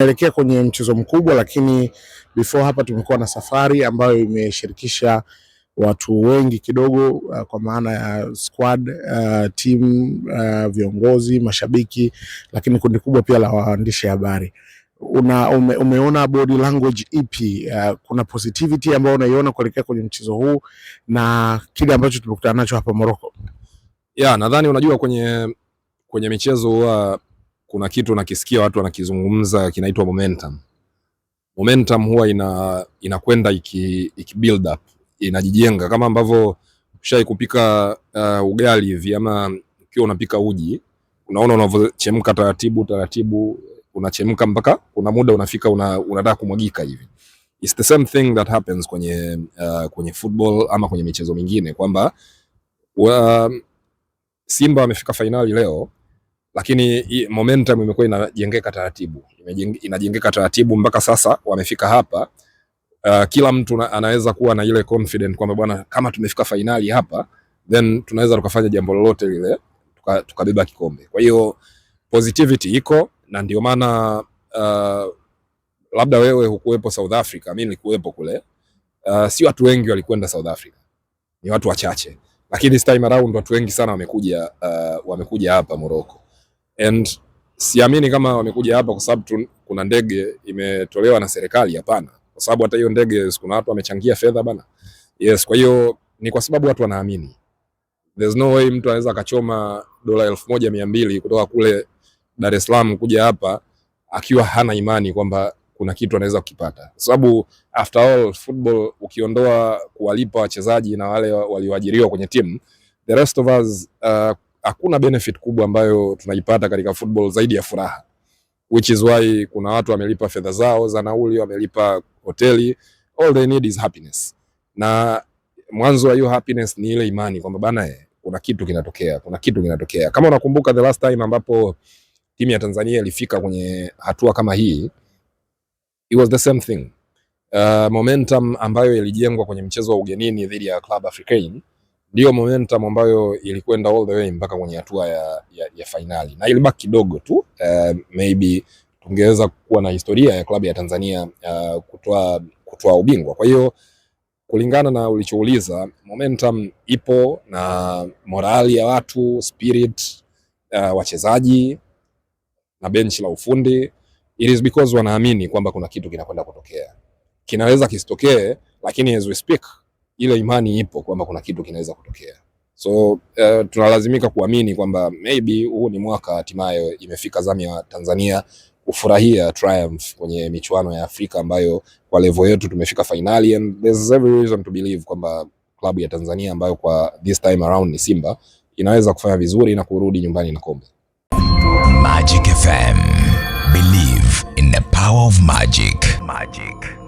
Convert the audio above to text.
Tunaelekea kwenye mchezo mkubwa, lakini before hapa tumekuwa na safari ambayo imeshirikisha watu wengi kidogo, uh, kwa maana ya squad uh, team uh, viongozi, mashabiki, lakini kundi kubwa pia la waandishi habari. Una, ume, umeona body language ipi? Uh, kuna positivity ambayo unaiona kuelekea kwenye mchezo huu na kile ambacho tumekutana nacho hapa Morocco? Yeah, nadhani unajua kwenye kwenye michezo uh kuna kitu nakisikia watu wanakizungumza kinaitwa momentum. Momentum huwa ina inakwenda iki, iki build up, inajijenga kama ambavyo ushai kupika uh, ugali hivi ama ukiwa unapika uji, unaona unavyochemka taratibu taratibu, unachemka mpaka kuna muda unafika una, unataka kumwagika hivi. It's the same thing that happens kwenye, uh, kwenye football ama kwenye michezo mingine kwamba Simba wamefika fainali leo lakini momentum imekuwa inajengeka taratibu, inajengeka taratibu mpaka sasa wamefika hapa. Uh, kila mtu anaweza kuwa na ile confident kwamba bwana, kama tumefika fainali hapa, then tunaweza tukafanya jambo lolote lile tukabeba tuka kikombe. Kwa hiyo positivity iko na ndio maana uh, labda wewe hukuwepo South Africa, mimi nilikuwepo kule. Uh, si watu wengi walikwenda South Africa, ni watu wachache, lakini this time around watu wengi sana wamekuja uh, wamekuja hapa Morocco and siamini kama wamekuja hapa kwa sababu kuna ndege imetolewa na serikali. Hapana, kwa sababu hata hiyo ndege kuna watu wamechangia fedha bana. Yes, kwa hiyo ni kwa sababu watu wanaamini. There's no way mtu anaweza akachoma dola elfu moja mia mbili kutoka kule Dar es Salaam kuja hapa akiwa hana imani kwamba kuna kitu anaweza kukipata, kwa sababu after all football, ukiondoa kuwalipa wachezaji na wale walioajiriwa kwenye timu, the rest of us uh, hakuna benefit kubwa ambayo tunaipata katika football zaidi ya furaha, which is why kuna watu wamelipa fedha zao za nauli, wamelipa hoteli, all they need is happiness. Na mwanzo wa hiyo happiness ni ile imani kwamba bana, eh, kuna kitu kinatokea, kuna kitu kinatokea. Kama unakumbuka the last time ambapo timu ya Tanzania ilifika kwenye hatua kama hii, it was the same thing. Uh, momentum ambayo ilijengwa kwenye mchezo wa ugenini dhidi ya Club Africain ndiyo momentum ambayo ilikwenda all the way mpaka kwenye hatua ya, ya, ya fainali na ilibaki kidogo tu uh, maybe tungeweza kuwa na historia ya klabu ya Tanzania uh, kutoa kutoa ubingwa. Kwa hiyo kulingana na ulichouliza, momentum ipo na morali ya watu, spirit uh, wachezaji na benchi la ufundi, it is because wanaamini kwamba kuna kitu kinakwenda kutokea. Kinaweza kisitokee, lakini as we speak ile imani ipo kwamba kuna kitu kinaweza kutokea. So uh, tunalazimika kuamini kwamba maybe huu ni mwaka hatimaye imefika zamu ya Tanzania kufurahia triumph kwenye michuano ya Afrika ambayo kwa level yetu tumefika finali and there's every reason to believe kwamba klabu ya Tanzania ambayo kwa this time around ni Simba inaweza kufanya vizuri na kurudi nyumbani na kombe. Magic FM. Believe in the power of magic. Magic.